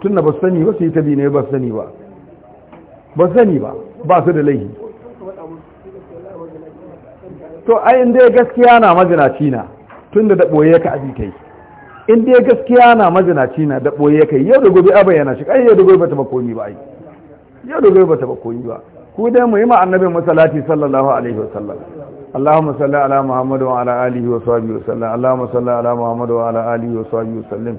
tun da ba sani ba sai yi bi ne ba sani ba ba sani ba ba su da laihi to ai in dai gaskiya na majinaci na tun da daɓoye ka abi kai in dai gaskiya na majinaci na ya kai yau da gobe abin yana shi ai yau da gobe ba ta ba ba ai yau da gobe ba ta ba ba ku dai mu yi ma annabin masalati sallallahu alaihi wasallam alihi wa sahbihi wa sallam allahumma salli ala muhammad wa ala alihi wa sahbihi wa sallam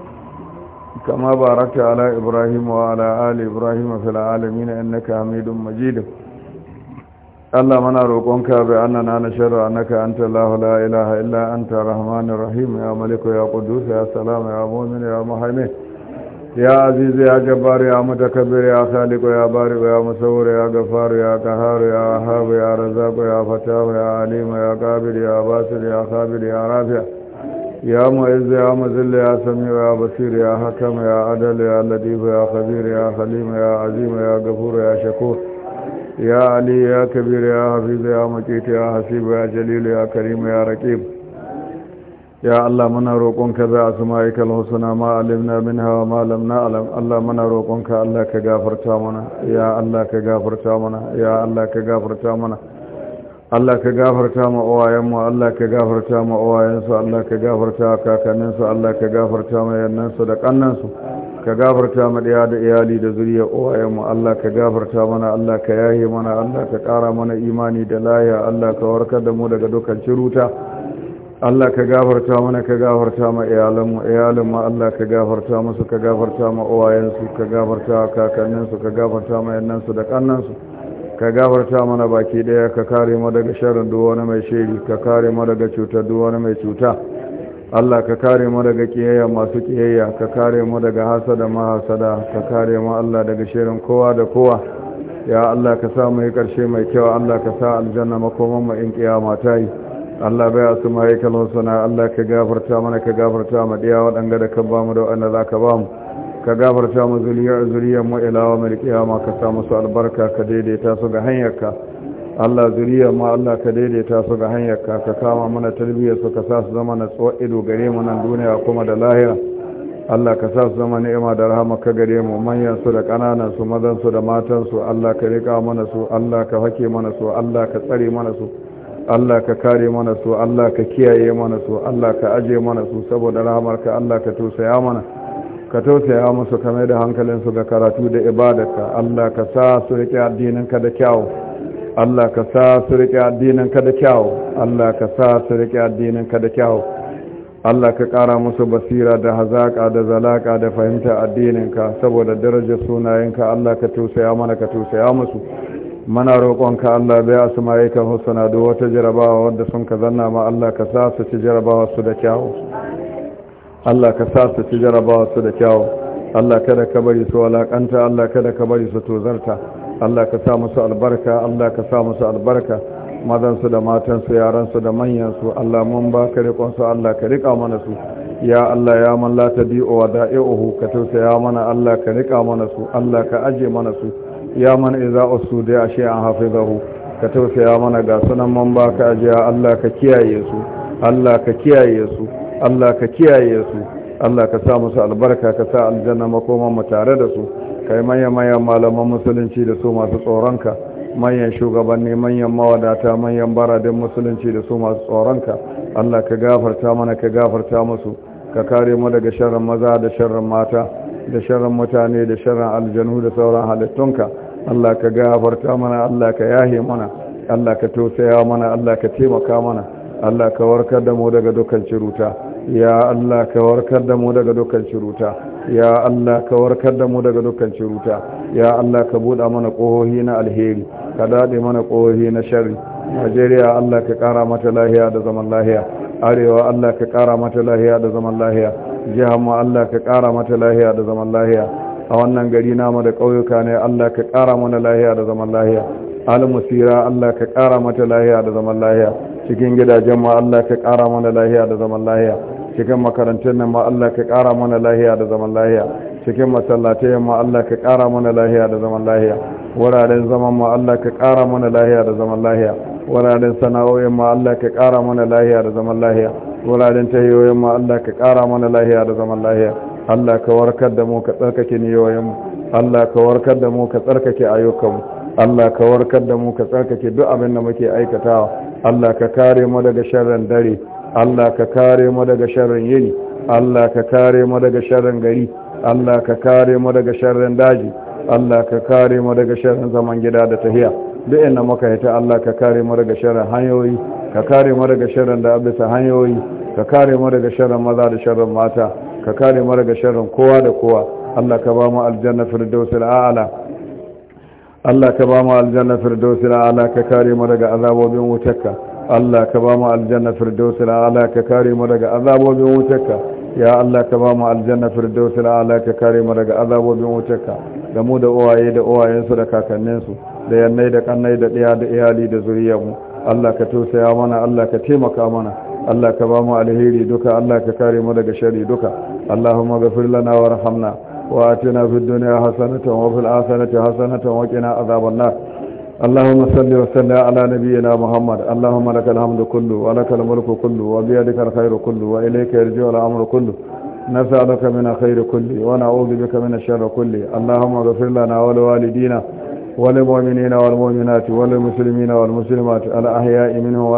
كما باركت على إبراهيم وعلى آل إبراهيم في العالمين إنك حميد مجيد الله من روقك بأننا نشر أنك أنت الله لا إله إلا أنت الرحمن الرحيم يا ملك يا قدوس يا سلام يا مؤمن يا مهيمن يا عزيز يا جبار يا متكبر يا خالق يا بارئ يا مصور يا غفار يا قهار يا وهاب يا رزاق يا فتاه يا عليم يا قابل يا باسل يا خابر يا رافع يا معز يا مذل يا سميع يا بصير يا حكم يا عدل يا لطيف يا خبير يا حليم يا عظيم يا غفور يا شكور يا علي يا كبير يا حفيظ يا مجيد يا حسيب يا جليل يا كريم يا رقيب يا الله من روقك ذا بأسمائك الحسنى ما علمنا منها وما لم نعلم الله من روقك الله كغفرتا منا يا الله كغفرتا منا يا الله كغفرتا Allah ka gafarta ma uwayenmu Allah ka gafarta ma uwayensu Allah ka gafarta kakanninsu Allah ka gafarta ma yannansu da kannansu ka gafarta ma ɗaya da iyali da zuriya uwayenmu Allah ka gafarta mana Allah ka yaye mana Allah ka ƙara mana imani da laya Allah ka warkar da mu daga dukkan ciruta Allah ka gafarta mana ka gafarta ma iyalanmu iyalanmu Allah ka gafarta musu ka gafarta ma uwayensu ka gafarta kakanninsu ka gafarta ma yannansu da kannansu ka gafarta mana baki daya ka kare mu daga sharrin duk wani mai shiri ka kare mu daga cutar duk wani mai cuta Allah ka kare mu daga kiyayya masu kiyayya ka kare mu daga hasada hasada ka kare mu Allah daga shirin kowa da kowa ya Allah ka sa mu yi karshe mai kyau Allah ka sa aljanna makoman mu in kiyama ta yi Allah bai asu kalon husna Allah ka gafarta mana ka gafarta mu diya waɗanga da ka ba mu da wanda za ka ba mu ka gafarta mu zuriyar zuriyar mu ilawa mai kiyama ka sa musu albarka ka daidaita su ga hanyarka Allah zuriyar ma Allah ka daidaita su ga hanyarka ka kama mana tarbiyyar su ka sa su zama na tsawon ido gare mu nan duniya kuma da lahira Allah ka sa su zama ni'ima da rahama ka gare mu manyan su da ƙananan su mazan su da matan su Allah ka rika mana su Allah ka hake mana su Allah ka tsare mana su Allah ka kare mana su Allah ka kiyaye mana su Allah ka aje mana su saboda rahamarka Allah ka tausaya mana ka tausaya musu ka mai da hankalinsu ga karatu da ibadarka Allah ka sa su riƙe addininka da kyau. Allah ka sa su riƙe addininka da kyau. Allah ka sa su riƙe addininka da kyau. Allah ka ƙara musu basira da hazaƙa da zalaka da fahimta addininka saboda darajar sunayenka Allah ka tausaya mana ka tausaya musu mana roƙonka Allah bai asma yakan husana wata jarabawa wadda sun ka zanna ma Allah ka sa su ci jarabawa su da kyau. Allah ka sa su ci jarabawa su da kyawu Allah kada ka bari su walakanta Allah kada ka bari su tozarta Allah ka sa musu albarka Allah ka sa musu albarka mazansu da matansu yaransu da manyansu Allah mun ba ka riƙonsu Allah ka riƙa mana su ya Allah ya man la tabi'u wa da'i'uhu ka tausaya mana Allah ka riƙa mana su Allah ka aje mana su ya man idza usude a shay'an hafizahu ka tausaya mana ga sunan mun ba ka aje Allah ka kiyaye su Allah ka kiyaye su Allah ka kiyaye su Allah ka sa musu albarka ka sa aljanna makoma mu tare da su kai manyan manyan malaman musulunci da su masu tsoronka manyan shugabanni manyan mawadata manyan baradin musulunci da su masu tsoronka Allah ka gafarta mana ka gafarta musu ka kare mu daga sharrin maza da sharrin mata da sharrin mutane da sharrin aljanu da sauran halittunka Allah ka gafarta mana Allah ka yahe mana Allah ka tausaya mana Allah ka taimaka mana Allah ka warkar da mu daga dukkan ciruta ya Allah ka warkar da mu daga dukkan shiruta ya Allah ka warkar da mu daga dukkan shiruta ya Allah ka buɗa mana ƙohohi na alheri ka daɗe mana ƙohohi na shari Najeriya Allah ka ƙara mata lahiya da zaman lahiya arewa Allah ka ƙara mata lahiya da zaman lahiya jihar mu Allah ka ƙara mata lahiya da zaman lahiya a wannan gari namu da ƙauyuka ne Allah ka ƙara mana lahiya da zaman lahiya al-musira Allah ka ƙara mata lahiya da zaman lahiya cikin gidajen ma Allah ka ƙara mana lahiya da zaman lahiya cikin makarantun nan ma Allah ka ƙara mana lahiya da zaman lahiya cikin masallatai ma Allah ka ƙara mana lahiya da zaman lahiya wuraren zaman ma Allah ka ƙara mana lahiya da zaman lahiya wuraren sana'o'in ma Allah ka ƙara mana lahiya da zaman lahiya wuraren tahiyoyin ma Allah ka ƙara mana lahiya da zaman lahiya Allah ka warkar da mu ka tsarkake niyoyin mu Allah ka warkar da mu ka tsarkake ayyukan mu Allah ka warkar da mu ka tsarkake duk abin da muke aikatawa Allah ka kare mu daga sharrin dare Allah ka kare mu daga sharrin yini Allah ka kare mu daga sharrin gari Allah ka kare mu daga sharrin daji Allah ka kare mu daga sharrin zaman gida da tahiya duk inda muka yi ta Allah ka kare mu daga sharrin hanyoyi ka kare mu daga sharrin da abisa hanyoyi ka kare mu daga sharrin maza da sharrin mata ka kare mu daga sharrin kowa da kowa Allah ka ba mu aljanna firdausul a'la Allah ka ba mu aljanna firdausi ala ka kare mu daga azabobin wutarka Allah ka ba mu aljanna firdausi ala ka kare mu daga azabobin wutarka ya Allah ka ba mu aljanna firdausi ala ka kare mu daga azabobin wutarka da mu da uwaye da uwayensu da kakanninsu da yannai da kannai da ɗaya da iyali da mu. Allah ka tausaya mana Allah ka taimaka mana Allah ka ba mu alheri duka Allah ka kare mu daga shari duka Allahumma ghafir lana warhamna وآتنا في الدنيا حسنة وفي الآخرة حسنة وقنا عذاب النار اللهم صل وسلم على نبينا محمد اللهم لك الحمد كله ولك الملك كله وبيدك الخير كله وإليك يرجع الأمر كله نسألك من الخير كله ونعوذ بك من الشر كله اللهم اغفر لنا ولوالدينا وللمؤمنين والمؤمنات وللمسلمين والمسلمات الأحياء منهم